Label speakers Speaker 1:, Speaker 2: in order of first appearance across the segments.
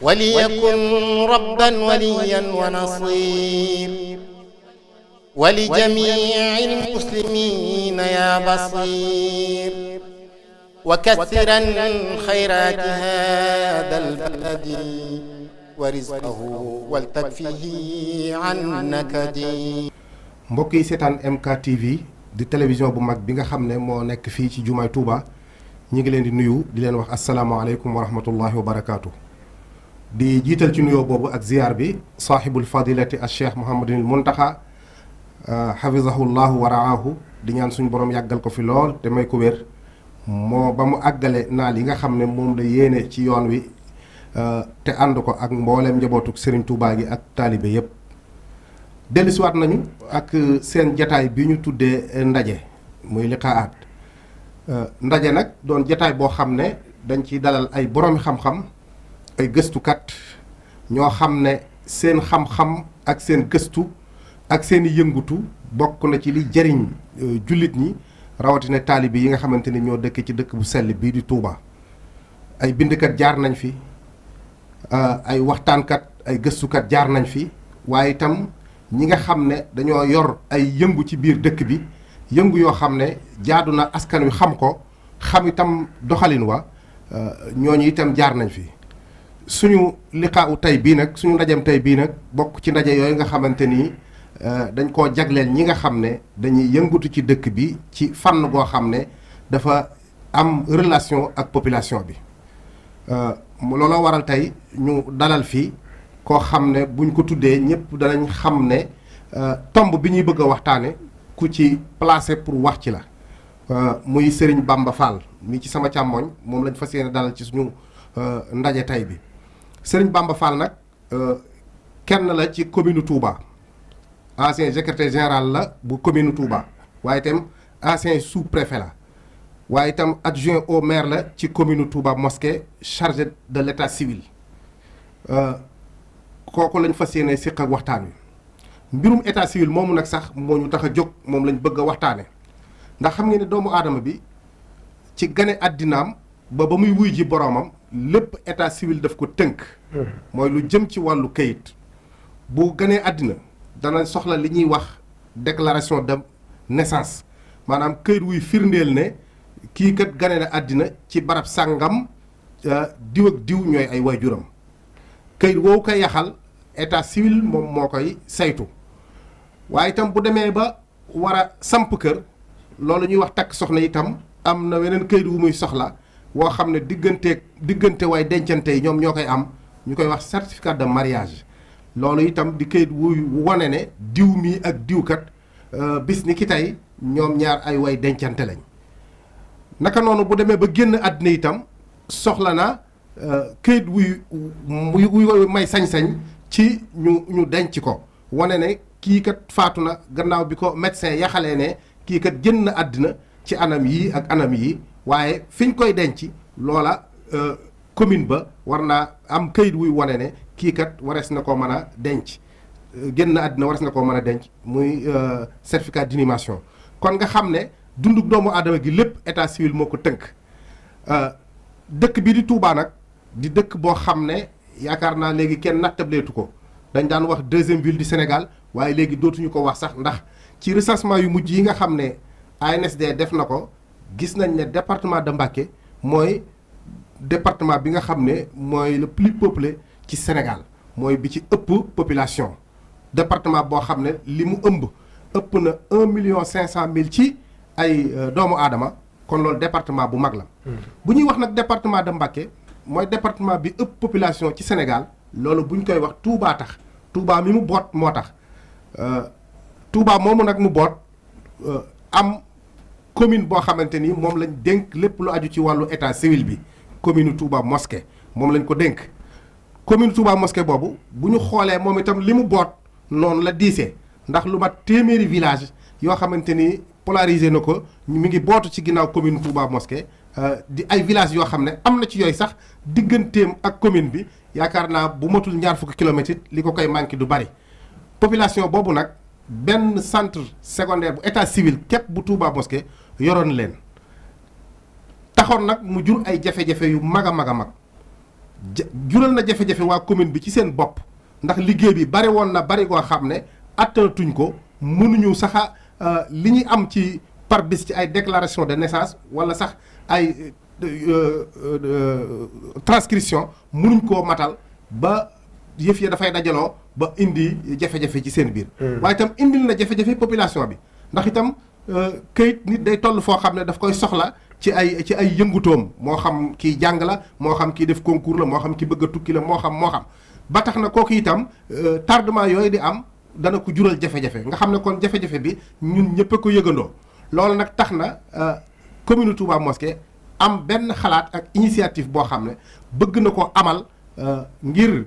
Speaker 1: وليكن ربا وليا ونصير ولجميع المسلمين يا بصير وكثرا خيرات هذا البلد ورزقه والتكفيه عن نكدي
Speaker 2: mbokk yi seetaan
Speaker 1: MKTV di télévision bu mag bi nga xam ne moo nekk fii ci jumaay Touba ñu ngi leen di nuyu di leen wax asalaamaaleykum wa rahmatullahi wa barakaatu. di jiital ci nuyoo boobu ak ziyaar bi saaxibul fadilati al cheikh Mouhamadinil taxa xafizahullahu euh, wa raahu di ñaan suñu borom yàggal ko fi lool te may ko wér moo ba mu àggale naa yi nga xam ne moom la yéene ci yoon wi euh, te ànd ko ak mbooleem njabootuk Serigne Touba gi ak taalibe yépp dellusiwaat nañu ak euh, seen jataay bi ñu tuddee ndaje muy liqaat ndaje nag doon jataay boo xam ne dañ ciy dalal ay boroomi xam-xam ay gëstukat ñoo xam ne seen xam-xam ak seen gëstu ak seeni yëngutu bokk na ci li jëriñ euh, jullit ñi rawatina taalibe yi nga xamante ni ñoo dëkkee ci dëkk bu sell bii di Touba. ay bindkat jaar nañ fi euh, ay waxtaankat ay gëstukat jaar nañ fi waaye itam ñi nga xam ne dañoo yor ay yëngu ci biir dëkk bi yëngu yoo xam ne jaadu na askan wi xam ko xam itam doxalin wa euh, ñooñu itam jaar nañ fi. suñu liqaawu tey bii nag suñu ndajem tey bii nag bokk ci ndaje yooyu nga xamante ni euh, dañ koo jagleel ñi nga xam ne dañuy yëngatu ci dëkk bi ci fànn goo xam ne dafa am relation ak population bi euh, looloo waral tey ñu dalal fii koo xam ne buñ ko tuddee ñëpp danañ xam ne euh, tomb bi ñuy bëgg a waxtaane ku ci placé pour wax ci la muy Serigne Bamba Fall mi ci sama càmmoñ moom lañ fa yéene dalal ci suñu ndaje tey bi Serigne Bamba Fall nag euh, kenn la ci commune Touba ancien secrétaire général la bu commune Touba waaye itam ancien sous-préfet la waaye itam adjoint au maire la ci commune Touba mosquée chargé de l'état civil euh, kooku lañ fas yéene siq ak waxtaan wi mbirum état civil moomu nag sax moo ñu tax a jóg moom lañ bëgg waxtaane ndax xam nga ne doomu aadama bi ci gane àddinaam ba ba muy wuy ji boroomam lépp état civil daf ko tënk. Hmm. mooy lu jëm ci wàllu kayit. bu ganee àddina dana soxla li ñuy wax déclaration de naissance maanaam kayit wuy firndeel ne kii kat gane na àddina ci barab sàngam euh, diw ak diw ñooy ay waajuram kayit woowu ko yaxal état civil moom moo koy saytu waaye itam bu demee ba war a samp kër loolu ñuy wax takk soxna itam am na weneen kayit wu muy soxla woo xam ne digganteeg diggante waay dencante yi ñoom ñoo koy am ñu koy wax certificat de mariage loolu itam di kayit wuy wane ne diw mii ak diwkat euh, bis ni ki tey ñoom ñaar ay way dencante lañ naka noonu bu demee ba génn àddina itam soxla na euh, kayit wuy wuy may sañ-sañ ci ñu ñu denc ko wane ne kii kat faatu na gannaaw bi ko médecin yaxalee ne kii kat génn àddina ci anam yii ak anam yii waaye fi ñu koy denc loola euh, commune ba war naa am kayit wuy wane ne kii kat warees na ko mën a denc euh, génn àddina warees na ko mën a denc muy euh, certificat d'inhumation kon nga xam ne dunduk doomu aadama gi lépp état civil moo ko tënk dëkk bi di Touba nag di dëkk boo xam ne yaakaar naa léegi kenn nattableetu ko dañ daan wax deuxième ville du Sénégal waaye léegi dootuñu ko wax sax ndax ci recensement yu mujj yi nga xam ne ANSD def na ko gis nañ ne département de Mbacké mooy département bi nga xam ne mooy le plus peuplé ci Sénégal mooy bi ci ëpp population département boo xam ne li mu ëmb ëpp na un million cinq cent mille ci ay euh, doomu aadama kon loolu département bu mag la mm-hmm. bu ñuy wax nag département de Mbacké mooy département bi ëpp population ci Sénégal loolu bu ñu koy wax Touba tax Touba mi mu boot moo tax euh, Touba moomu nag mu boot euh, am commune boo xamante ni moom lañ dénk lépp lu aju ci wàllu état civil bi commune Touba Mosquée moom lañ ko dénk commune Touba Mosquée boobu bu ñu xoolee moom itam li mu boot noonu la diisee ndax lu mat téeméeri village yoo xamante ni polarisé na ko mu ngi bootu ci ginnaaw commune Touba Mosquée euh, di ay village yoo xam ne am na ci yooyu sax digganteem ak commune bi yaakaar naa bu matul ñaar fukki kilomètres it li ko koy manqué du bari population boobu nag benn centre secondaire bu état civil képp bu Touba Mosquée yoroon leen taxoon nag mu jur ay jafe-jafe yu mag a mag a mag jural na jafe-jafe waa commune bi ci seen bopp ndax liggéey bi bari woon na bari goo xam ne attanatuñ ko mënuñu saxa euh, li ñu am ci par ci ay déclaration de naissance wala sax ay euh, euh, transcription mënuñ koo matal ba yëf ya dafay dajaloo ba indi jafe-jafe ci seen biir hmm. waaye itam indil na jafe-jafe population bi ndax itam Euh, kayit nit day toll foo xam ne daf koy soxla ci ay ci ay yëngutoom moo xam kii jàng la moo xam kii def concours la moo xam ki bëgg a tukki la moo xam moo xam ba tax na kooku itam euh, tardement yooyu di am dana ko jural jafe-jafe nga xam ne kon jafe-jafe bi ñun ñëpp ko yëgandoo loolu nag tax na euh, commune Touba Mosquée am benn xalaat ak initiative boo xam ne bëgg na ko amal ngir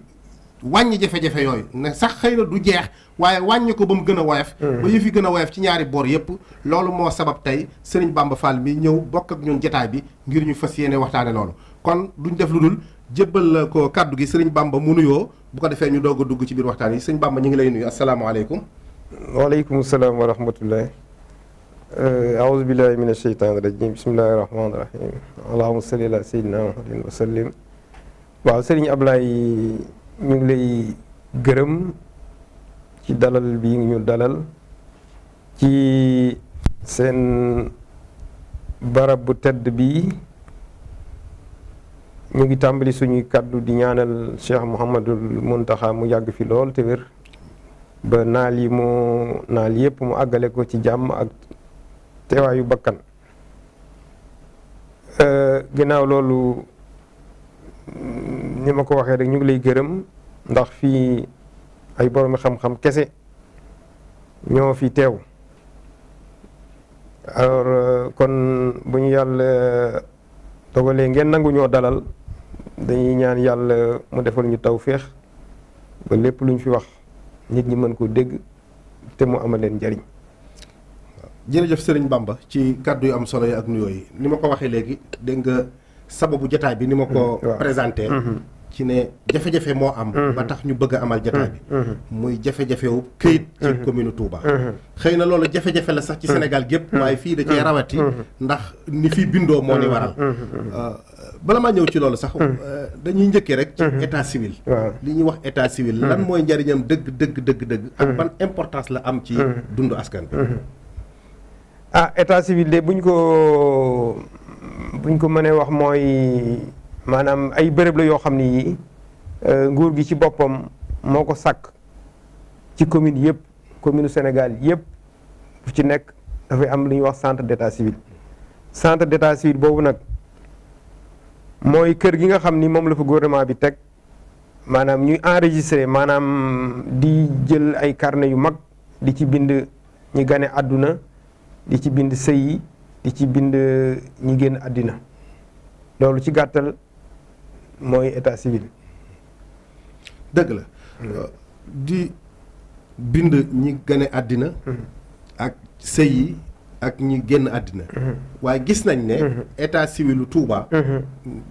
Speaker 1: wàññi jafe-jafe yooyu ne sax xëy na du jeex waaye wàññi ko ba mu gën a woyof hmm. ba yëf fi gën a woyof ci ñaari boor yëpp loolu moo sabab tey sëriñ Bamba Fall mi ñëw bokk ak ñun jataay bi ngir ñu fas yéene waxtaane loolu kon duñ def lu dul jébbal ko kàddu gi sëriñ Bamba mu nuyoo bu ko defee ñu doog dugg ci biir waxtaan yi sëriñ Bamba ñu ngi lay nuyu salaam wa rahmatullah euh, aouzu billahi min asheytan irajim bismillahi rahmani rahim allahuma salli ala sayyidina muhammadin wa sallim waaw sëriñ Ablaye ñu ngi lay gërëm ci dalal bi ñu dalal ci seen barab bu tedd bi ñu ngi tàmbali suñuy kàddu di ñaanal Cheikh Mouhamadul Muntaxa mu yàgg fi lool te ba naal yi mu naal yépp mu àggale ko ci jàmm ak teewaayu bakkan euh, ginnaaw loolu ni ma ko waxee rek ñu ngi lay gërëm ndax fii ay boroomi xam-xam kese ñoo fi teew alors euh, kon bu ñu yàlla dogalee ngeen nangu ñoo dalal dañuy ñaan yàlla mu defal ñu tawféex ba lépp lu ñu fi wax nit ñi mën koo dégg te mu amal leen njariñ jërëjëf Serigne Bamba ci kàddu yu am solo yi ak nuyoo ni ma ko waxee léegi dégg nga sababu jotaay bi ni ma ko hmm, présenté hmm, hmm. ci ne jafe-jafe moo am. Mm-hmm. ba tax ñu bëgg amal jataay bi. Mm-hmm. Mm-hmm. muy jafe-jafe wu këyit. ci commune Touba. xëy na loolu jafe-jafe la sax ci Sénégal gépp waaye fii da cee rawati. ndax ni fii bindoo moo ni waral. Euh, bala maa ñëw ci loolu sax. Euh, dañuy njëkkee rek. ci état civil. li ñuy wax état civil. lan mooy njariñam dëgg dëgg dëgg dëgg. ak ban importance la am ci dundu askan bi. ah état civil de buñ ko buñ ko mënee wax mooy. maanaam ay béréb la yoo xam ni yii euh, nguur gi ci boppam moo ko sàkk ci commune yëpp commune Sénégal yëpp bu ci nekk dafay am lu ñuy wax centre d'état civil centre d'état civil boobu nag mooy kër gi nga xam ni moom la fa gouvernement bi teg maanaam ñuy enregistré maanaam di jël ay karne yu mag di ci bind ñi gane àdduna di ci bind sëy yi di ci bind ñi génn àddina loolu ci gàttal mooy état civil. dëgg la. Hmm. Euh, di bind ñi gane àddina. Hmm. ak sëy ak ñi génn àddina. Hmm. waaye gis nañ ne. état civilu Touba.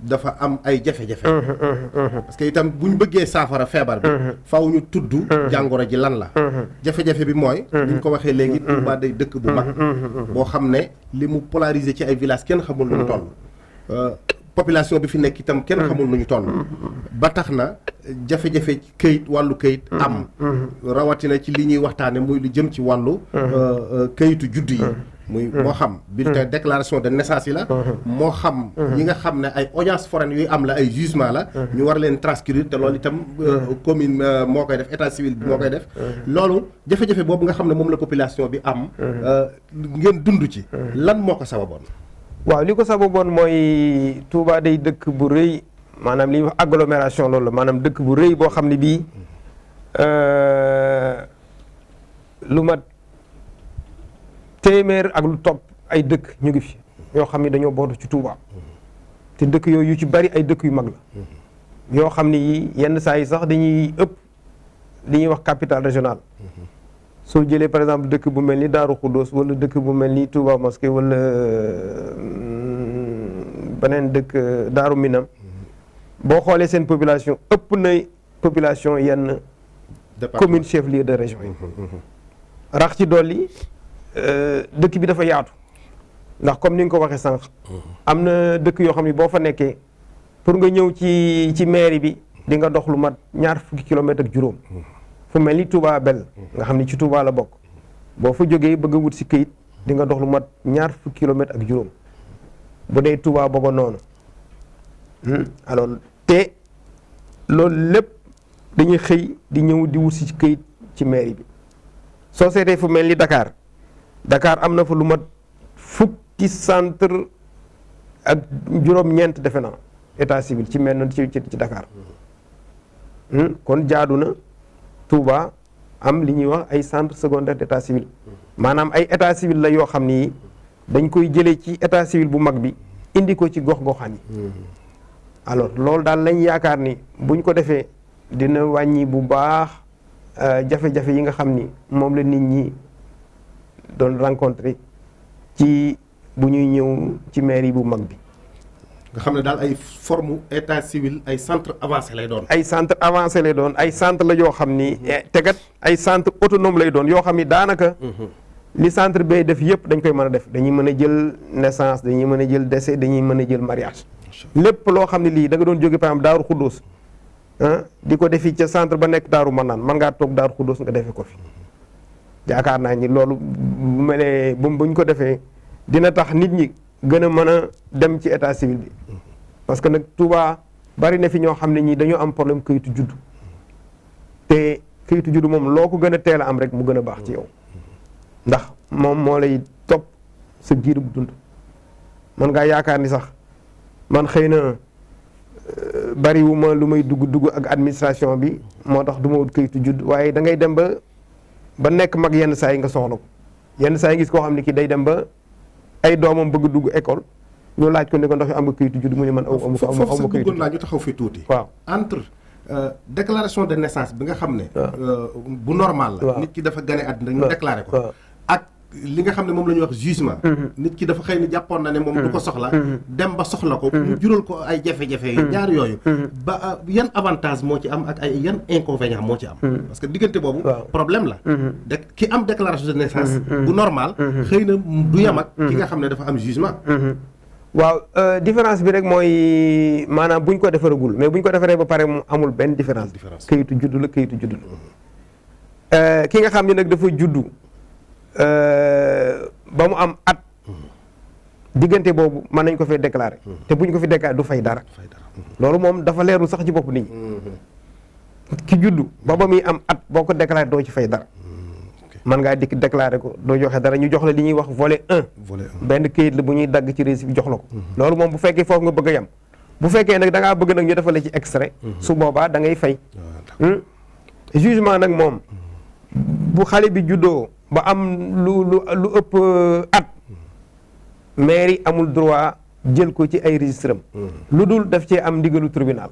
Speaker 1: dafa am ay jafe-jafe. parce itam bu ñu bëggee saafara feebar bi. faaw ñu tudd. jàngoro ji lan la. jafe-jafe bi mooy. ni ko waxee léegi Touba day dëkk bu mag. boo xam ne li mu polariser ci ay village kenn xamul lu mu population bi fi nekk itam kenn hmm. xamul nu ñu toll. Hmm. ba tax na jafe-jafe këyit wàllu këyit hmm. am. rawatina ci li ñuy waxtaane muy lu jëm ci wàllu. Euh, euh, këyitu judd yi. muy moo xam bulletin déclaration de naissance yi la moo xam ñi nga xam ne ay audience foraine yuy am la ay jugement la ñu war leen transcrire te loolu itam euh, commune moo koy def état civil bi moo koy def loolu jafe-jafe boobu nga xam ne moom la population bi am ngeen dundu ci lan moo ko sababoon waaw li ko sababoon mooy Touba day dëkk bu rëy maanaam li wax agglomération loolu la maanaam dëkk bu rëy boo xam ne bii euh, lu mat téeméer ak lu topp ay dëkk ñu ngi fi yoo xam ni dañoo bootu ci tuubaa te dëkk yooyu ci bari ay dëkk yu mag la yoo xam ne yenn saa yi sax dañuy ëpp li ñuy wax capital régional soo jëlee par exemple dëkk bu mel ni Daaru Xuddoos wala dëkk bu mel ni Touba Mosquée wala hmm, beneen dëkk Daaru Minam boo xoolee seen population ëpp na population yenn commune chef lieu de région yi rax ci dolli euh, dëkk bi dafa yaatu ndax comme ni nga ko waxee sànq am na dëkk yoo xam ne boo fa nekkee pour nga ñëw ci ci mairie bi di nga dox lu mat ñaar fukki kilomètre ak juróom fu mel ni Touba Bel nga xam ne ci Touba la bokk boo fa jógee bëgg a wut si këyit di nga dox lu mat ñaar fukki kilomètre ak juróom bu dee Touba booba noonu hmm? alors te loolu lépp dañuy xëy di ñëw di wut si këyit ci mairie bi soo seetee fu mel ni dakaar dakaar am na fa lu mat fukki centre ak juróom-ñeent defe naa état civil ci mel noonu ci ci Dakar hmm? kon jaadu na. Touba am li ñuy wax ay centre secondaire d' civil maanaam ay état civil la yoo xam ni dañ koy jëlee ci état civil bu mag bi indi ko ci gox-goxaan yi mm-hmm. alors loolu daal lañ yaakaar ni buñ ko defee dina wàññi bu baax euh, jafe-jafe yi nga xam ni moom la nit ñi doon rencontré ci bu ñuy ñëw ci mairie bu mag bi nga xam ne daal ay forme état civil ay centre avancé lay doon. ay centre avancé lay doon ay centre la yoo xam ni. Mm-hmm. Eh, tegat ay centre autonome lay doon yoo xam ni daanaka. Mm-hmm. li centre beey def yëpp dañ koy mën a def dañuy mën a jël naissance dañuy mën a jël décès dañuy mën a jël mariage. lépp loo xam ne lii da nga doon jóge par exemple Daaru Xuddoos ah di ko defi ca centre ba nekk Daaru Manaan mën ngaa toog Daaru Xuddoos nga defee ko fi. yaakaar naa ni loolu bu mel ne buñ ko defee dina tax nit ñi. gën a mën a dem ci état civil bi parce que nag Touba bari na fi ñoo xam ne ñii dañoo am problème kayitu juddu te kayitu juddu moom loo ko gën a teel a am rek mu gën a baax ci yow ndax moom moo lay topp sa giirub dund man ngaa yaakaar ni sax man xëy na euh, bariwuma lu may dugg dugg ak administration bi moo tax du ma wut kayitu judd waaye da ngay dem ba ba nekk mag yenn saa yi nga soxla ko yenn saa yi gis koo xam ne kii day dem ba ay doomam bëgg dugg école ñu laaj ko ne ko ndax am nga kayitu judd mu ne man aw ma aw ma kayitu bëggoon naa ñu taxaw fi tuuti waaw entre euh, déclaration de naissance bi nga xam ne euh, bu normal la nit ki dafa gane àddina ñu déclaré ko ak li nga xam ne moom la ñuy wax jugement mm-hmm. nit ki dafa xëy na jàppoon na ne moom du ko mm-hmm. soxla mm-hmm. dem ba soxla ko mu jural ko ay jafe-jafe yu ñaar yooyu ba ah, yan avantage moo ci am ak ay yan inconvénient moo ci am parce que diggante boobu problème la de ki am déclaration de naissance bu normal xëy na du yem ak ki nga xam ne dafa am jugement waaw euh, différence bi rek mooy maanaam bu ñu ko defaragul mais buñ ko defaree ba pare mu amul benn différence kayitu judd la kayitu judd la euh, ki nga xam ne nag dafa juddu Euh, ba mu am at diggante boobu mën nañ ko fee déclaré te bu ñu ko fi déclaré du fay dara mm-hmm. loolu moom dafa leeru sax ci bopp nit ñi mm-hmm. ki juddu ba ba muy am at boo ko déclaré doo ci fay dara man mm-hmm. ngaa dikk déclaré ko doo joxe dara ñu jox la li ñuy wax volet un benn këyit la bu ñuy dagg ci récépissé jox la ko loolu moom bu fekkee foofu nga bëgg a yem bu fekkee nag da bëgg nag ñu defal ci extrait su boobaa da ngay fay ah, hmm? jugement nag moom bu xale bi juddoo ba am lu lu lu ëpp uh, at maire yi amul droit jël ko ci ay registre hmm. lu dul def cee am ndigalu tribunal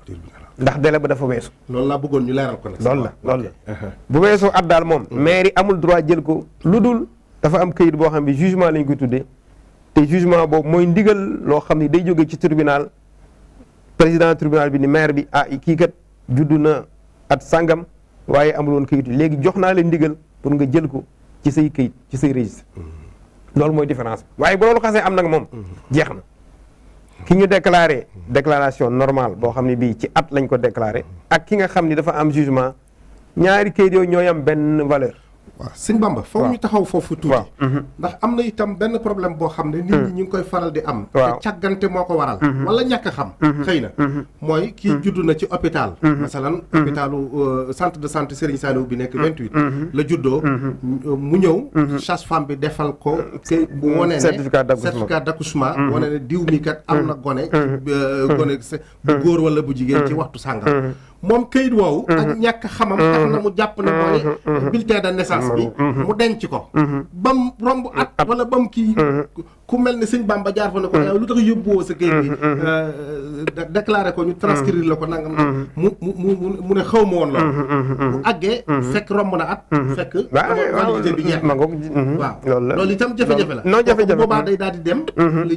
Speaker 1: ndax délai ba dafa weesu loolu laa bëggoon ñu leeral ko nag loolu la loolu la uh-huh. bu weesoo at daal moom hmm. maire yi amul droit jël ko lu dul dafa am këyit boo xam ne jugement lañ koy tuddee te jugement boobu mooy ndigal loo xam ne day jóge ci tribunal président tribunal bi ni maire bi ah kii kat juddu na at sangam waaye amul woon këyit léegi jox naa leen ndigal pour nga jël ko ci say kayit ci say registre loolu mooy différence waaye bu loolu xasee am nag moom jeex na ki ñu déclaré déclaration normal boo xam ne bii ci at lañ ko déclaré ak ki nga xam ni dafa am jugement ñaari këyit yooyu ñoo am benn valeur waaw sëñ Bamba foofu ñu taxaw foofu tuuti mhm. ndax am na itam benn problème boo xam ne nit ñi mhm. ñu ngi koy faral di am te càggante moo ko waral mhm. wala ñàkk a xam xëy na mooy kii juddu na ci hôpital masalan hôpitalu euh, centre de santé Serigne Saliou bi nekk vingt huit la juddoo mu ñëw sage-femme bi defal ko kay bu wone ne certificat d'accouchement wone ne diw mi kat am na gone euh, gone bu góor wala bu jigéen ci waxtu sàngam moom kayit woowu. ak mhm. ñàkk xamam. tax na mu mhm. jàpp ne mooy mhm. bulletin de naissance bi. mu denc ko. ba mu romb at wala ba mu kii. ku mel ne sëñ Bamba jaar fa ne ko mm. yow lu tax yóbbuwoo sa kayit bi mm-hmm, mm-hmm. Euh, déclaré ko ñu la ko nangam mm-hmm. mu mu ne xaw ma woon la bu àggee fekk romb na at fekk validité bi jeex waaw loolu itam jafe-jafe la non jafe-jafe boobaa day daal di dem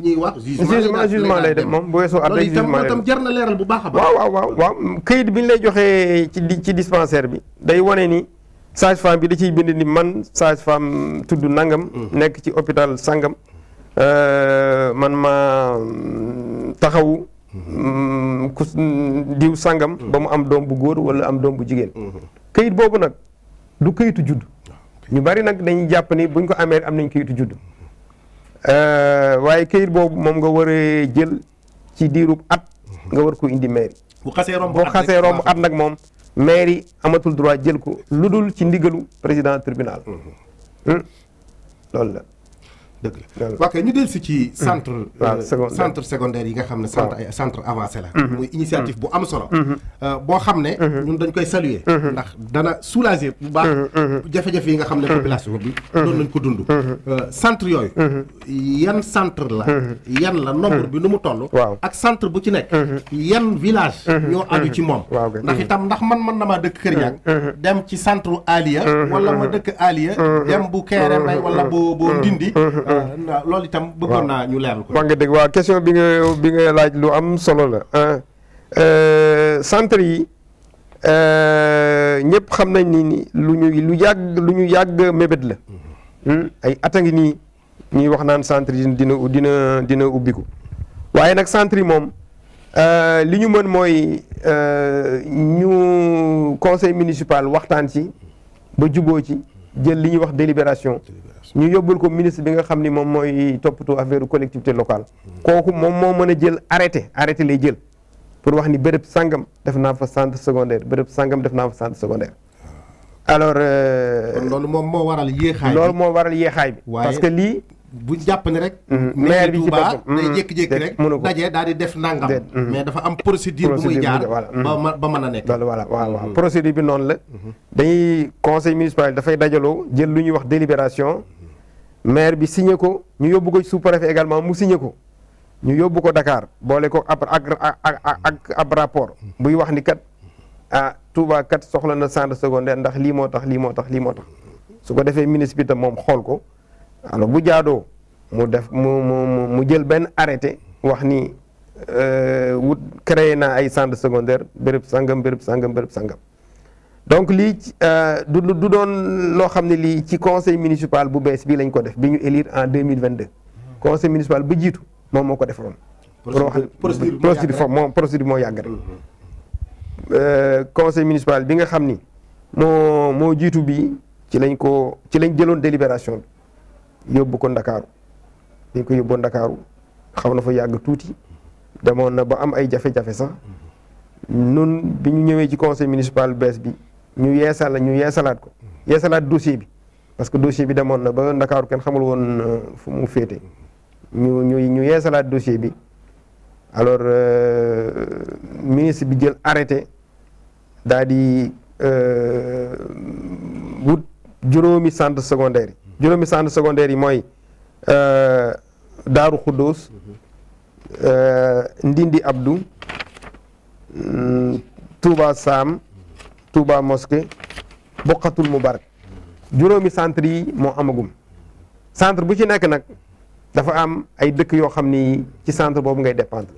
Speaker 1: ñuy wax jugement jugement lay dem moom bu weesoo at jar na leeral bu baax a baax waaw waaw kayit bi ñu lay joxee ci ci dispensaire bi day wane ni sage-femme bi da ciy bind ni man sage-femme tudd nangam nekk ci hôpital sangam Euh, man ma mm, taxaw mhm. mm, ku mm, diw sangam mhm. ba mu am doom bu góor wala am doom bu jigéen mhm. kayit boobu nag du këyitu judd ah, ñu bari nag dañ jàpp ni buñ ko amee am nañ këyitu judd euh, waaye kayit boobu moom nga war jël ci diiru at nga war ko indi mairie bu xasee romb at nag moom mairie amatul droit jël ko lu dul ci ndigalu président tribunal hmm? loolu la dëgg la waaw kay ñu del ci centre mmh. euh, centre secondaire yi nga xam ne centre ay centre avancé la mmh. muy initiative mmh. bu am solo euh, boo xam ne ñun dañ koy saluer ndax dana soulager bu baax jafe-jafe yi nga xam ne population bi doon nañ ko dund euh, centre yooyu yan centre la yan la nombre bi nu mu toll ak centre bu ci nekk yan village ñoo aju ci moom ndax itam ndax man man na maa dëkk Kër dem ci centre Alia wala ma dëkk Alia dem bu Kéré Mbay wala bu bu Ndindi loolu itam bëggoon naa ñu leeral ko. maa ngi dégg waaw question bi nga bi nga laaj lu am solo la. Euh, centre yi euh, ñëpp xam nañ ni lu ñu lu yàgg lu ñu yàgg mébét la. Mm-hmm. Hmm, ay at a ngi nii ñuy wax naan centre yi dina dina dina ubbiku waaye nag centre yi moom euh, li ñu mën mooy ñu conseil municipal waxtaan ci ba juboo ci. jël li ñuy wax délibération ñu yóbbul ko ministre bi nga xam ni moom mooy toppatoo affaire collectivité locale hmm. kooku moom moo mën a jël arrêté arrêté lay jël pour wax ni béréb sangam def naa fa centre secondaire béréb sangam def naa fa centre secondaire hmm. alors. Euh, loolu moom moo waral yéexaay moo waral yéexaay parce que lii bu jàpp ne rek. Mhm. maire bi ci boppam day mhm. jékki-jékki rek. daje daal di def nangam. Mhm. mais dafa am procédure bu muy jaar ba ba mën a nekk. voilà waaw procédure bi noonu la. dañuy conseil municipal dafay dajaloo jël lu ñuy wax délibération. maire bi signé ko ñu yóbbu ko sous préfet également mu signé ko. ñu yóbbu ko dakaar boole ko ab ak ak ab rapport. buy wax ni kat ah Touba kat soxla na centre secondaire ndax lii moo tax lii moo tax lii moo tax su ko defee ministre bi tam moom xool ko. alors bu jaadoo mu def mu mu mu jël benn arrêté wax ni euh, wut créé naa ay centre secondaire béréb sangam béréb sangam sangam donc lii euh, du du doon loo xam ne lii ci conseil municipal bu bees bii lañ ko def bi ñu élire en deux mille vingt deux conseil municipal bu jiitu moom moo ko defoon. procédure procédure foofu moom procédure moo yàgg rek. Mm-hmm. Euh, conseil municipal bi nga xam ni moo moo jiitu bi ci lañ ko ci lañ jëloon délibération bi. yóbbu ko ndakaaru dañ ko yóbboo ndakaaru xaw na fa yàgg tuuti demoon na ba am ay jafe-jafe sax nun bi ñu ñëwee ci conseil municipal bees bi ñu yeesal ñu yeesalaat ko yeesalaat dossier bi parce que dossier bi demoon na ba ndakaaru kenn xamul woon euh, fu mu féete ñu ñu ñu yeesalaat dossier bi alors euh, ministre bi jël arrêté daal di euh, wut juróomi centre secondaire juróomi centre secondaire yi mooy euh, Daaru Xuddoos euh, Ndindi Abdou mm, Touba Sam Touba Mosquée mu Mubarak juróomi centre yi moo amagum centre bu ci nekk nag dafa am ay dëkk yoo xam ni ci centre boobu ngay dépendre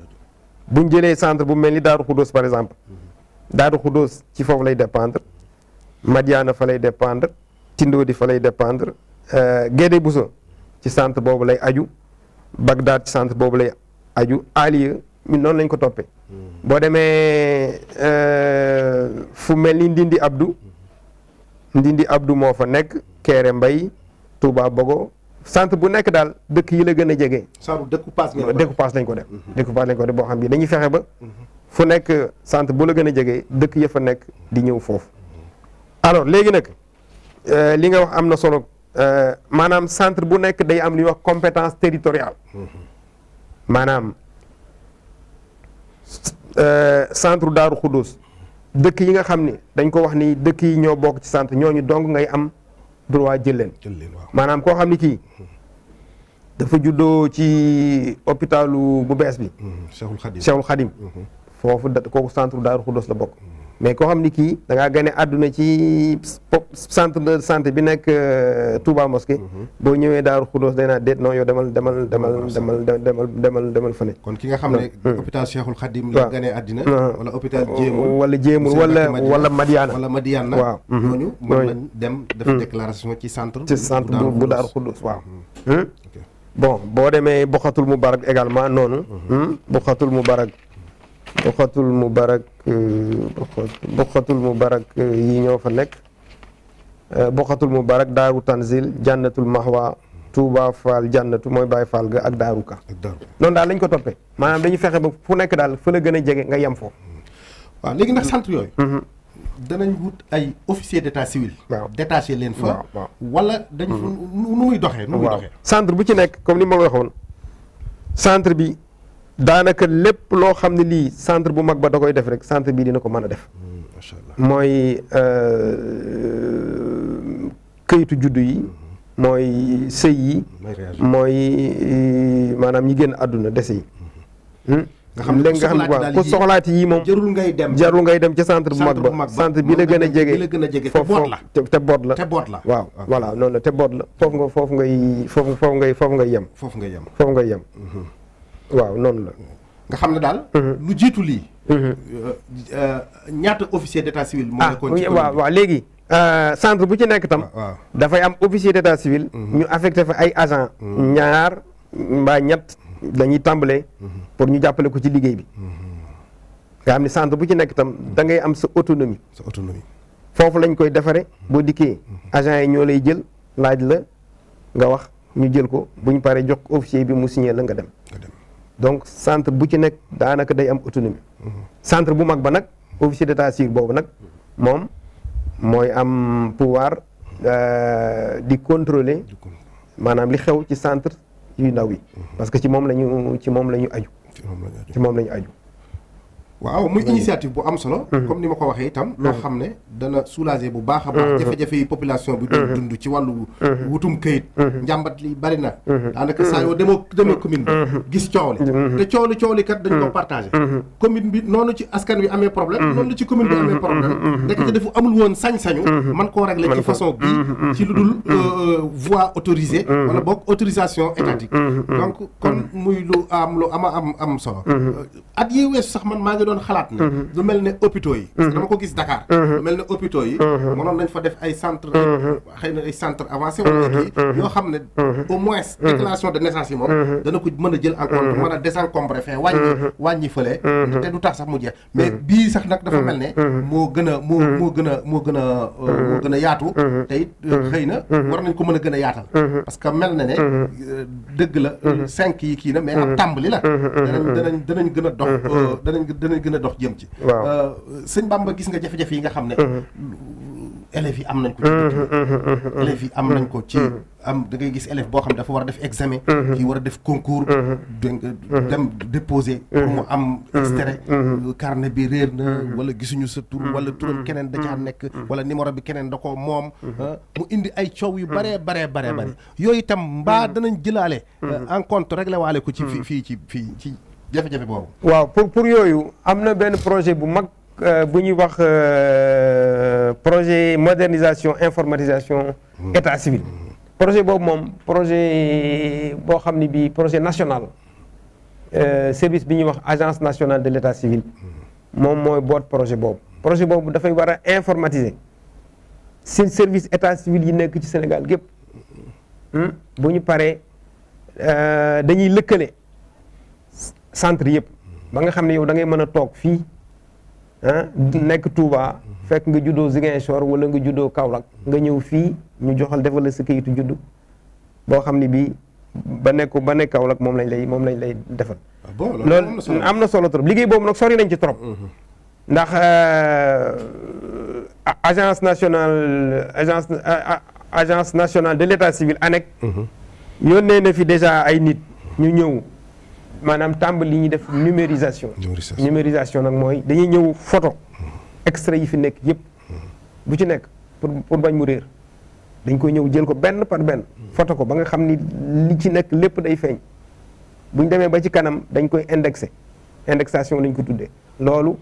Speaker 1: buñ jëlee centre bu mel ni Daaru Xuddoos par exemple Daaru Xuddoos ci foofu lay dépendre Madiana fa lay dépendre Tindodi fa lay dépendre Euh, Guédé buso ci sant boobu lay aju Bagdad ci sant boobu lay aju Aliya noonu lañ ko toppee mm-hmm. boo demee euh, fu mel ni Ndindi Abdou mm-hmm. Ndindi Abdou moo fa nekk Kéré Mbay Touba Bogo sant bu nekk daal dëkk yi la gën a jege. centre découpage lañ ko def découpage lañ mm-hmm. ko def boo xam ne dañuy fexe ba fu nekk centre bu la gën a jege dëkk ya fa nekk di ñëw foofu alors léegi nag euh, li nga wax am na solo Euh, maanaam centre bu nekk day am li wax compétence territoriale mm-hmm. maanaam euh, centre Daaru Xudus dëkk yi nga xam ni dañ ko wax ni dëkk yi ñoo bokk ci centre ñu dong ngay am droit jël leen maanaam koo xam ni kii mm-hmm. dafa juddoo ci hôpitalu bu bees bi mm-hmm. Cheikhul Khadim Cheikhul Khadim foofu da kooku centre Daaru Xudus la bokk mais koo xam ni kii dangaa gane àdduna ci centre de santé bi nekk euh, Touba Mosquée. Mhm. boo ñëwee Daaru Khoudoss day naa déet non yow demal demal demal demal demal demal demal fane kon ki nga xam ne. Hmm. hôpital Cheikhul Khadim la gane àddina. wala hôpital Jéemul wala wala wala Madiana wala Madiana. waaw mhm. ñooñu mën nañ dem. def hmm. ci centre. ci centre bu Daaru Khoudoss waaw. Hmm. bon boo demee mu Moubarak également noonu. mu Moubarak. boqatul mubarak euh, boqatul mubarak euh, yi ñoo fa nekk euh, boqatul mubarak daaru tanzil jànnatul mahwa Touba Fall jànnatu mooy Baye Fall ga ak daaru ka noonu daal lañ ko toppee maanaam dañu fexe ba fu nekk daal fa la gën a jege nga yem foofu hmm. waaw léegi ndax centre yooyu hmm. danañ wut ay officier d' état civil. leen fa. wala dañ hmm. nu centre bu ci nekk comme ni ma la centre bi daanaka lépp loo xam ne lii centre bu mag ba da koy def rek centre bii dina ko mën a def. macha allah mooy euh, këyitu juddu yi. mooy sëy yi. mooy euh, maanaam ñi gën àdduna dese yi. Hmm? nga xam ne ku soxlaati yii moom jarul ngay dem jarul ngay dem ca centre bu mag ba centre bi la gën a jege foofu te boot la te boot la waaw voilà noonu la te boot la foofu nga foofu ngay foof foofu ngay foofu ngay yem foofu nga yem foofu ngay yem mhm. waaw noonu la. nga xam ne daal. Mhm. lu jiitu lii. Mhm. Euh, euh, ñaata officier de état civil. moo ah, nekkoon ci waaw waaw léegi. Euh, bu ci nekk tam. dafay am officier d' état civil. Mhm. ñu affecté fa ay agent ñaar mbaa ñett dañuy tàmbalee. pour ñu jàppale ko ci liggéey bi. nga xam ne centre bu ci nekk tam da ngay am sa autonomie. sa autonomie foofu lañ koy defaree boo dikkee agent yi ñoo lay jël laaj la nga wax ñu jël ko bu ñu paree jox officier bi mu signé la nga dem. donc centre bu ci nekk daanaka day am autonomie centre bu mag ba nag officier d'état civil boobu nag moom mooy am pouvoir euh, di contrôler maanaam li xew ci centre yu ndaw yi mm-hmm. parce que ci moom la ñu ci moom la ñu aju ci moom la ñu aju waaw muy initiative bu am solo comme ni ma ko waxee itam loo xam ne dana soulager bu baax a baax jafe-jafe yi population bi doon dund ci wàllu wutum këyit njàmbat li bari na daanaka saa yoo demoo demee commune bi gis coow li te coow li coow li kat dañ ko partagé commune bi noonu ci askan wi amee problème noonu la ci commune bi amee problème ndekete dafa amul woon sañ-sañu man koo régler ci façon bii ci lu dul euh, euh, voie autorisée wala boog autorisation étatique kon muy lu am lu ama am am solo euh, at yi doon xalaat ne mhm. lu mel ne hôpitaux yi parce que mhm. dama ko gis Dakar mhm. lu mel ne hôpitaux yi mënoon xam ne au moins déclaration de naissance yi moom dana ko mën a jël en compte mën a wàññi fële te du tax sax mu jeex mais bii sax nag dafa mel ne moo gën a moo moo gën a moo gën a euh, moo gën a yaatu tey euh, xëy na war nañ ko mën a gën a yaatal parce que mel na ne euh, dëgg la cinq yi kii na mais ab tàmbali la danañ danañ danañ gën a dox danañ ngay gën a dox jëm ci waaw euh, sëñ Bamba gis nga jafe-jafe yi nga xam ne élèves yi am nañ ko ci am nañ da ngay gis élève boo xam dafa war a def examen kii war a def concours donc dem déposer pour mu am extrait euh, carnet bi réer na wala gisuñu sa tur wala turam keneen da caa nekk wala numéro bi keneen da ko moom ah, mu indi ay coow yu baree baree bare yooyu itam mbaa danañ jëlaale euh, en compte réglé ko ci fii fii ci fii ci jafe-jafe boobu. waaw pour pour yooyu am na benn projet bu mag euh, bu ñuy wax euh, projet modernisation informatisation hmm. état civil. projet boobu moom projet boo xam ni bii projet national euh, service bi ñuy wax agence nationale de l' état civil hmm. moom mooy boot projet boobu. projet boobu dafay war a informatiser si service état civil yi nekk ci Sénégal gépp hmm. bu ñu paree dañuy lëkkale. centre yëpp ba nga xam ne yow da ngay mën a toog fii ah nekk Touba fekk nga juddoo Ziguinchor wala nga juddoo Kaolack nga ñëw fii ñu joxal defal la sa kayitu juddu boo xam ne bii ba nekk ba nekk Kaolack moom lañ lay moom lañ lay defal. Ah lool am na solo trop liggéey boobu nag sori nañ ci trop. Mm-hmm. ndax euh, agence nationale agence agence nationale de l'état civil ANEC. Mm-hmm. yónnee na fi déjà ay nit ñu ñëw. maanaam tàmbali li ñuy def numérisation. numérisation nag mooy dañuy ñëw photo extrait yi fi nekk yëpp hmm. bu ci nekk pour bañ mu réer dañ koy ñëw jël ko benn par benn hmm. photo ko ba nga xam ni li ci nekk lépp day feeñ bu ñu demee ba ci kanam dañ koy indexé indexation lañ ko tuddee loolu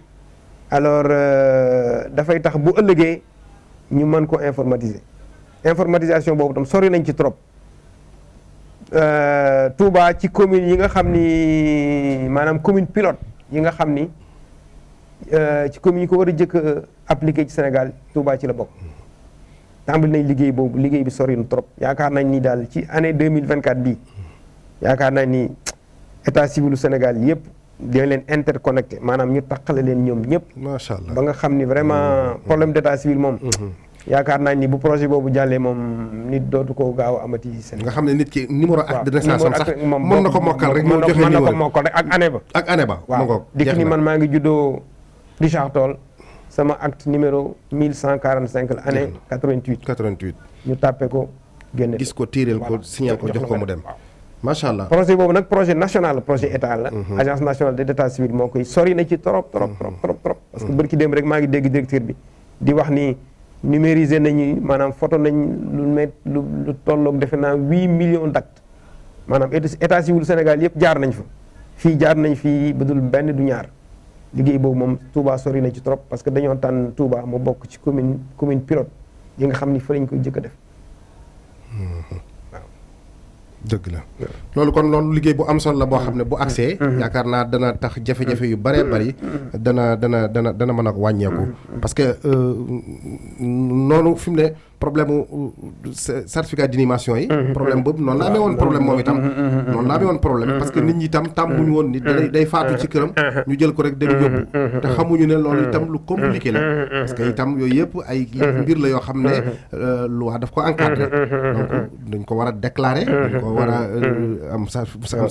Speaker 1: alors euh, dafay tax bu ëllëgee ñu mën ko informatiser informatisation boobu tam sori nañ ci trop Euh, Touba ci commune yi nga xam ni maanaam commune pilote yi nga xam ni euh, ci commune yi ko war a jëkk appliqué ci Sénégal Touba ci la bokk tàmbali nañ liggéey boobu liggéey bi sori na trop yaakaar nañ ni daal ci année 2024 bii yaakaar nañ ni état civilu Sénégal yëpp dañ leen interconnecté maanaam ñu taqale leen ñoom ñëpp. macha allah ba nga xam ni vraiment mm-hmm. problème d' état civil moom. Mm-hmm. yaakaar naa ni bu projet boobu jàllee moom nit dootu ko gaaw amati seen. nga xam ne nit ki numéro acte de naissance am sax mën na ko mokkal rek. mën na ko mokkal rek ak année ba. ak année ba waaw dikk ni man maa ngi juddoo Richard Toll sama acte numéro 1145 la année 88. 88 ñu tàppe ko génne. gis ko tiireel ko signal ko jox ko mu dem. macha allah projet boobu nag projet national projet état la. Mhm. agence nationale de d'état civil moo koy sori na ci trop trop trop mhm. trop. parce que mhm. bërki démb rek maa ngi dégg directeur bi di wax ni. numériser nañu maanaam photo nañ lu met lu lu tolloog defe naa huit million d'actes maanaam état civil Sénégal yëpp jaar nañ fa fii jaar nañ fii ba dul benn du ñaar liggéey boobu moom Touba sori na ci trop parce que dañoo tànn Touba mu bokk ci commune commune pilote yi nga xam ni fa lañ ko jëkk def mm-hmm. dëgg la loolu kon loolu liggéey bu am solo la boo xam ne bu accès mm-hmm. mm-hmm. yaakaar naa dana tax jafe-jafe yu bëree bëri mm-hmm. dana dana dana dana mën a wàññeeku parce que euh, noonu fi mu ne problème euh, certificat d'inhumation yi. Mhm. problème boobu noonu la amee woon problème moom itam. Mhm, mhm, noonu la amee woon problème parce que nit ñi itam tàmbuñu woon nit day day faatu ci këram. ñu jël ko rek dem yóbbu. te xamuñu ne loolu itam lu compliqué la. parce que itam yooyu yëpp ay mbir la yoo xam ne euh, loi daf ko encadré. donc dañ ko war a déclarer. dañ ko war a euh, am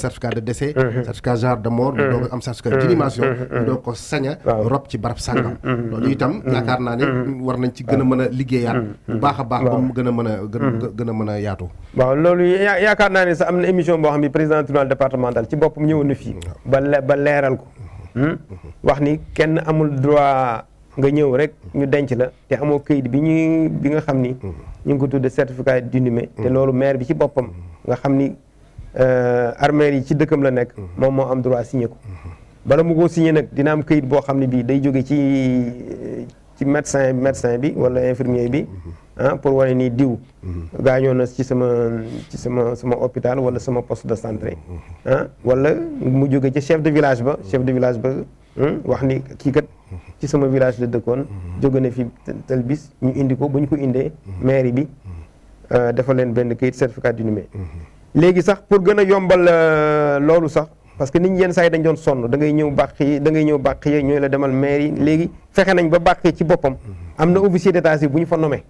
Speaker 1: certificat de décès. certificat genre de mort. ñu doog am certificat d'inhumation. ñu doog ko sañ a rob ci nañ ci gën mën a a baax ba mu gën mën a mm-hmm. a mën a yaatu yaakaar naa ne sa am na émission boo xam ne président tribunal départemental ci boppam ñëwoon na fii mm-hmm. ba ba leeral ko mm-hmm. hmm? wax ni kenn amul droit nga ñëw rek ñu denc la te amoo kayit bi ñu bi nga xam ni ñu ngi ko tudde certificat d'inhumé te loolu maire bi ci boppam nga xam ni euh, armeel yi ci dëkkam la nekk moom moo am droit signé ko bala mu ko signé nag dina am kayit boo xam ne bii day jóge ci ci médecin médecin bi wala infirmier bi ah pour wane ni diw mm-hmm. gaañoo na ci sama ci sama sama hôpital wala sama post de centre mm-hmm. ah wala mu jóge ci chef de village ba chef de village ba hmm, wax ni kii kat mm-hmm. ci sama village la dëkkoon jóge na fi tel bis ñu indi ko bu ñu ko indee mairie bi euh, dafa leen benn kayit certificat d'inhumé léegi sax pour gën a yombal euh, loolu sax parce que nit ñi yenn saa yi dañ doon sonn da ngay ñëw bàq yi da ngay ñëw bàq yi ñooy la demal maire yi léegi fexe nañ ba bàq yi ci boppam am na officier d'état civil bu ñu fa nomee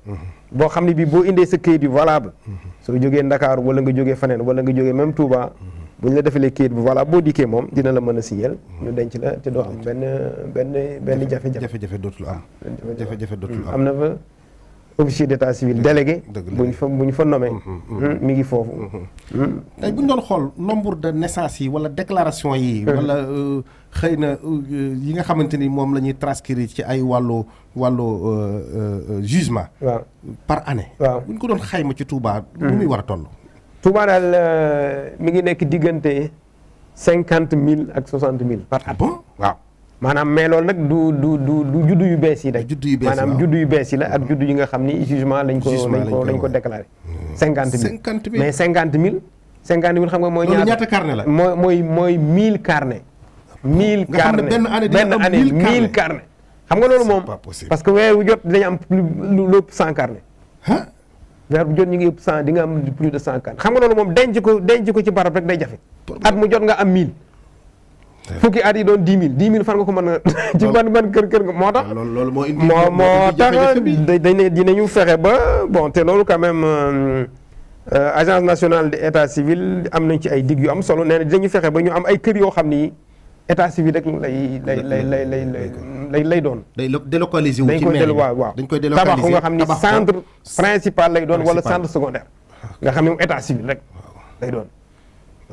Speaker 1: boo xam ne bii boo indee sa kayit yu valable soo jógee Ndakaar wala nga jógee feneen wala nga jógee même Touba bu ñu la defalee kayit bu valable boo dikkee moom dina la mën a signal ñu denc la te doo am benn benn benn jafe-jafe jafe-jafe dootul am jafe-jafe dootul am na fa officier d' état civil délégué. bu ñu fa bu ñu fa nommé. Mm-hmm, mm-hmm. Hmm, mi ngi foofu. Mm-hmm. Hmm. tey bu doon xool nombre de naissance yi wala déclaration yi. Hmm. wala euh, xëy na euh, yi nga xamante ni moom la ñuy transcrire ci ay wàllu wàllu euh, jugement. waaw par année. waaw ñu ko doon xayma ci Touba. lu muy war a toll. daal mi ngi nekk diggante cinquante mille ak soixante mille. par année ah waaw. maanaam mais loolu nag du du du du juddu yu bees yi. juddu yu bees yi maanaam juddu yu bees yi la ak juddu yi nga xam ni jugement lañ ko lañ ko lañ ko déclaré. cinquante mille cinquante mille mais cinquante mille. cinquante mille xam nga mooy. ñaata ñaata carnet la mooy mooy mooy mille carnet. mille carnet benn année benn année mille carnet. xam nga loolu moom parce que weer wu jot dinañ am lu lu ëpp cent carnet. weer ñu ngi ëpp cent di nga am plus de cent xam nga loolu moom denc ko denc ko ci barab rek day jafe. at mu jot nga am mille. fukki at yi doon dix mille dix mille fan nga ko mën a. ci ban ban kër kër moo tax. loolu moo indi moo moo tax dañ ne dinañu fexe ba bon te loolu quand même euh, euh, agence nationale de état civil am nañ ci ay dig yu am solo nee na dinañu fexe ba ñu am ay kër yoo xam ni état civil rek lay lay lay lay lay lay doon. day délocaliser wu ci mairie dañ koy délocaliser tabax nga xam ni centre principal lay doon wala centre secondaire. nga xam ne état civil rek lay doon.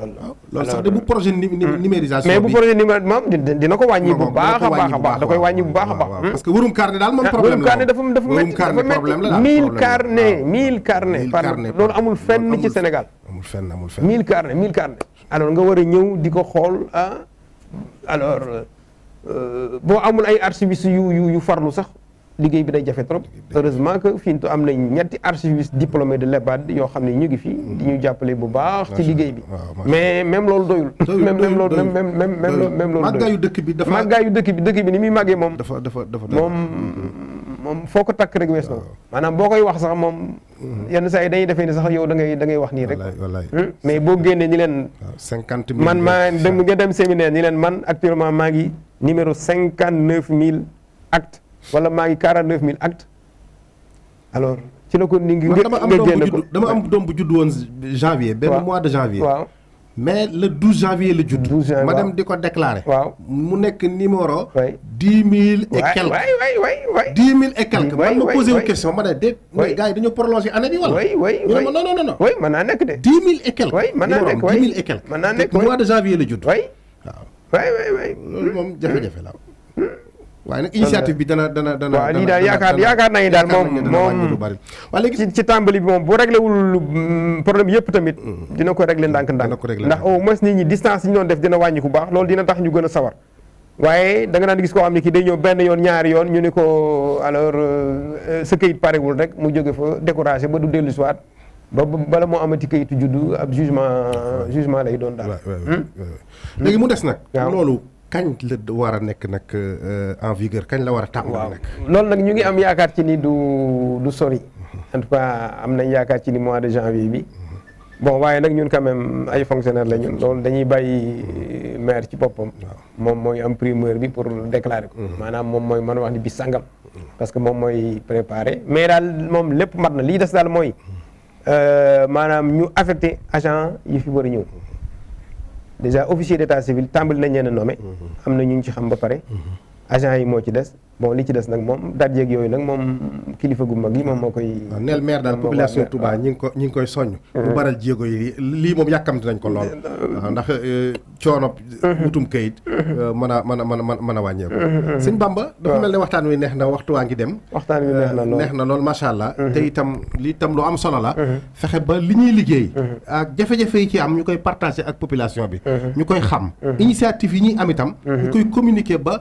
Speaker 1: waaw ah, loolu sax de bu projet hmm. numérisation mais bu projet numérisation moom dina ko wàññi bu baax a baax a baax da koy wàññi bu baax a baax parce que warum carnet daal moom ah, problème la dafa dafa métti dafa métti mille carnet ah. mille carnet par loolu amul fenn ci Sénégal amul fenn alors nga war a ñëw di ko xool a alors euh, boo amul ay archiviste yu yu yu farlu sax liggéey bi day jafe trop heureusement que fiintu am nañ ñetti archiviste diplômé de l'EHPAD yoo xam ne ñu ngi fii mm. di ñu jàppale bu baax ci liggéey bi mais même loolu doyul même même loolu même même même même loolu doyul màggaayu dëkk bi dafa màggaayu dëkk bi dëkk bi ni muy màggee moom dafa dafa dafa moom moom foo ko takk rek wees na maanaam boo koy wax sax moom mm-hmm. yenn sax yi dañuy defee ni sax yow da ngay da ngay wax nii rek hmm? mais boo génnee ni leen cinquante man maa dem nga dem séminaire ñi leen man actuellement maa ngi numéro cinquante neuf mille actes wala maa ngi 49000 actes alors ci la ko ni ngi. nga génn ko dama am doom bu judd woon janvier. benn mois de janvier. waaw mais le 12 janvier la judd. 12 janvier ma dem di ko déclaré. waaw mu nekk numéro. waay 10000 et quelques. waay waay waay waay. 10000 et quelques. ma posé wu question ma ne déet. waay gars yi mën naa nekk de. 10000 et quelques. waay mën naa nekk naa nekk mois de janvier la judd. waay loolu moom jafe-jafe la. waaye nag initiative bi dana dana dana. waaw lii daal yaakaar yaakaar naa ni daal moom moom. waaw léegi ci tàmbali bi moom bu réglé wul mm, problème yëpp tamit. Mm-hmm. dina ko réglé ndànk-ndànk. ndax au moins nit ñi distance yi ñu doon def dina wàññi ku baax loolu dina tax ñu gën a sawar. waaye da nga naan gis koo xam ne kii day ñëw benn yoon ñaari yoon ñu ne ko alors euh, euh, sa këyit parewul rek mu jóge fa découragé ba du dellu si waat ba bala moo amati këyitu juddu ab jugement jugement lay doon daal. Hmm? léegi mu des nag. loolu. kañ la war a nekk nag euh, en vigueur kañ la war a tàmbali loolu nag ñu ngi am yaakaar ci ni du du sori mhm. en tout am nañ yaakaar ci ni mois de janvier bi mhm. bon waaye nag ñun quand même ay fonctionnaire la ñun mhm. loolu dañuy bàyyi euh, maire ci boppam moom mooy am primeur bi pour déclarer ko maanaam moom mooy mën wax ni bis sangam parce que moom mooy préparé mais daal moom lépp mat na lii des daal mooy euh, maanaam ñu affecté agent yi fi war a ñëw déjà officier d'état civil tàmbali na leen a nommé mhm. am na ñu ngi ci xam ba pare mhm. agent yi moo ci des bon li ci des nag moom daaj yeeg yooyu nag moom kilifa gu mag moom moo koy. neel maire daal population Touba ñi ngi ko ñi ngi koy soññ. bu mm-hmm. baral jéego yi lii moom yàkkamti nañ ko lool. Mm-hmm. Ah, ndax euh, coono. Mm-hmm. tum kayit. Euh, mën a man a mën a mën a wàññeeku. sëñ Bamba waxtaan wi neex na waxtu waa ngi dem. waxtaan wi neex na lool euh, neex na lool macha allah. te itam li itam lu am solo la. fexe ba li ñuy liggéey. ak jafe-jafe yi ci am ñu koy partagé ak population bi. ñu koy xam. initiative yi ñuy am itam. ñu koy communiquer ba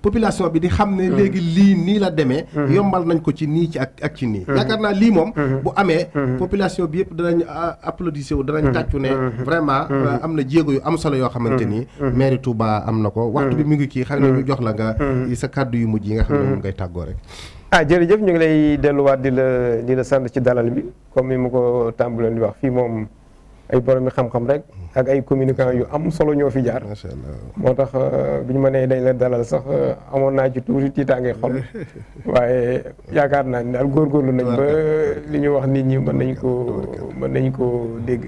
Speaker 1: population bi di xam ne léegi lii nii la demee mhm. yombal nañ ko ci nii ci ak ak ci nii mhm. yaakaar naa lii moom mhm. bu amee population bi yëpp danañ applaudissé wu danañ tàccu ne vraiment euh, am na jéego yu am solo yoo xamante nii mairie Touba am na ko waxtu bi mu ngi kii xam ne ñu jox la nga sa kàddu yu mujj yi nga xam ne moom ngay tàggoo rek ah jërëjëf ñu ngi lay delluwaat di la di la sant ci dalal bi comme ni mu ko tàmbalee di wax fii moom ay boromi xam-xam rek ak ay communicants yu am solo ñoo fi jaar. macha moo tax euh, bi ñu ma nee dañ la dalal sax euh, amoon naa ci tuuti tiitaange xol waaye yaakaar naa ni daal góorgóorlu nañ ba li ñu wax nit ñi mën nañ ko mën nañ ko dégg.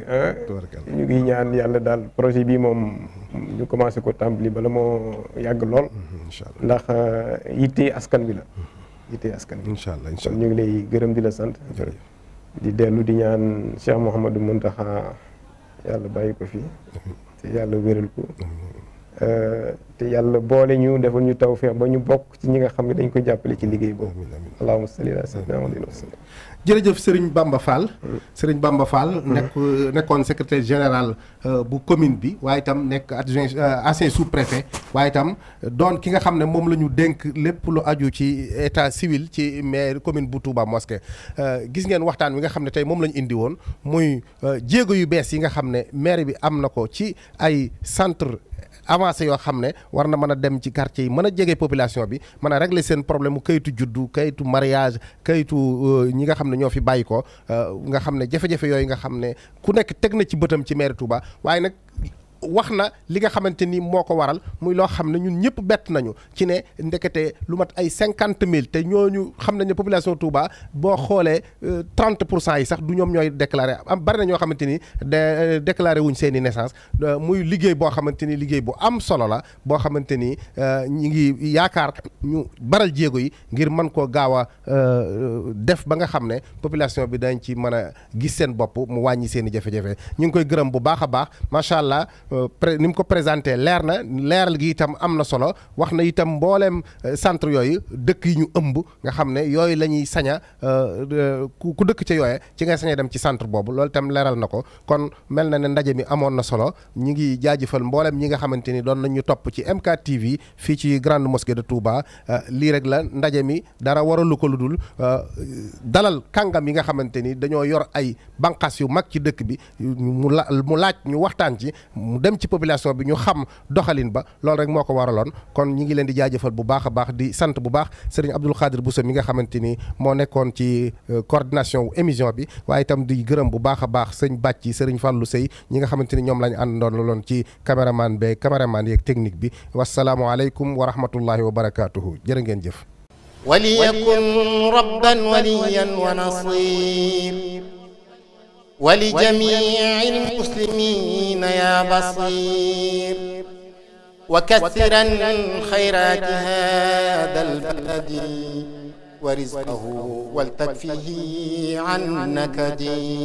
Speaker 1: ñu ngi ñaan yàlla daal projet bii moom ñu commencé ko tàmbali bala moo yàgg lool. Mm-hmm, ndax euh, yitte askan bi la. Mm-hmm. yitte askan bi incha allah ñu ngi lay gërëm di la sant. di dellu di ñaan Cheikh Mouhamadou Mountakha. yàlla bàyyi ko fii te yàlla wéral ko te yàlla boole ñu defal ñu tawfeex ba ñu bokk ci ñi nga xam ne dañ koy jàppale ci liggéey boobu allahumma salli ala sayyidina Muhammad wa sallam jërëjëf Serigne Bamba Fall Serigne Bamba Fall. Mm-hmm. nekk nekkoon secretaire général euh, bu commune bi waaye itam nekk adjoint euh, ancien sous-préfet waaye itam doon ki nga xam ne moom la ñu dénk lépp lu aju ci état civil ci maire commune bu Touba Mosquée. Euh, gis ngeen waxtaan wi nga xam ne tey moom la ñu indi woon muy jéego yu bees yi nga xam ne maire bi am na ko ci ay centre avancé yoo xam ne war na mën a dem ci quartier yi mën a jege population bi mën a régler seen problème mu kayitu juddu kayitu mariage kayitu euh, ñi nga xam ne ñoo fi bàyyi ko euh, nga xam ne jafe-jafe yooyu nga xam ne ku nekk teg na ci bëtam ci maire Touba waaye nag wax na li nga xamante ni moo ko waral muy loo xam ne ñun ñëpp bett nañu ci ne ndekete lu mat ay cinquante mille te ñooñu xam nañ ne population Touba boo xoolee euh, trente pour cent yi sax du ñoom ñooy déclaré am bari na ñoo xamante ni de euh, déclaré wuñ seen i naissance muy liggéey boo xamante ni liggéey bu am solo la boo xamante ni euh, ñi ngi yaakaar ñu baral jéego yi ngir man koo gaaw a def ba nga xam ne population bi dañ ci mën a gis seen bopp mu wàññi seen i jafe-jafe ñu ngi koy gërëm bu baax a baax macha allah. pré ni mu ko présenté leer na leeral gi itam am na solo wax na itam mbooleem euh, centre yooyu dëkk yi ñu ëmb nga xam ne yooyu la ñuy saña euh, euh, ku ku dëkk ca yooye ci ngay saña dem ci centre boobu loolu itam leeral na ko kon mel na ne ndaje mi amoon na solo ñi ngi jaajëfal mbooleem ñi nga xamante ni doon nañu topp ci MKTV fii ci grande mosquée de Touba lii rek la ndaje mi dara waralu ko lu dul dalal kàngam yi nga xamante ni dañoo yor ay banqaas yu mag ci dëkk bi mu laaj ñu waxtaan ci dem ci population bi ñu xam doxalin ba loolu rek moo ko waraloon kon ñi ngi leen di jaajëfal bu baax baax di sant bu baax sëriñ Abdul Xaadir Bousso mi nga xamante ni moo nekkoon ci euh, coordination wu émission bi waaye tam di gërëm bu baax a baax sëñ Bàcci sëriñ Fàllu Sëy ñi nga xamante ni ñoom la ñu àndoon loon ci caméraman be caméraman yeeg technique bi wasalaamualeykum wa rahmatullahi wa barakaatuhu jërë ngeen jëf وليكن ربا وليا ونصير ولجميع المسلمين يا بصير وكثرا خيرات هذا البلد ورزقه ولتكفيه عن نكدي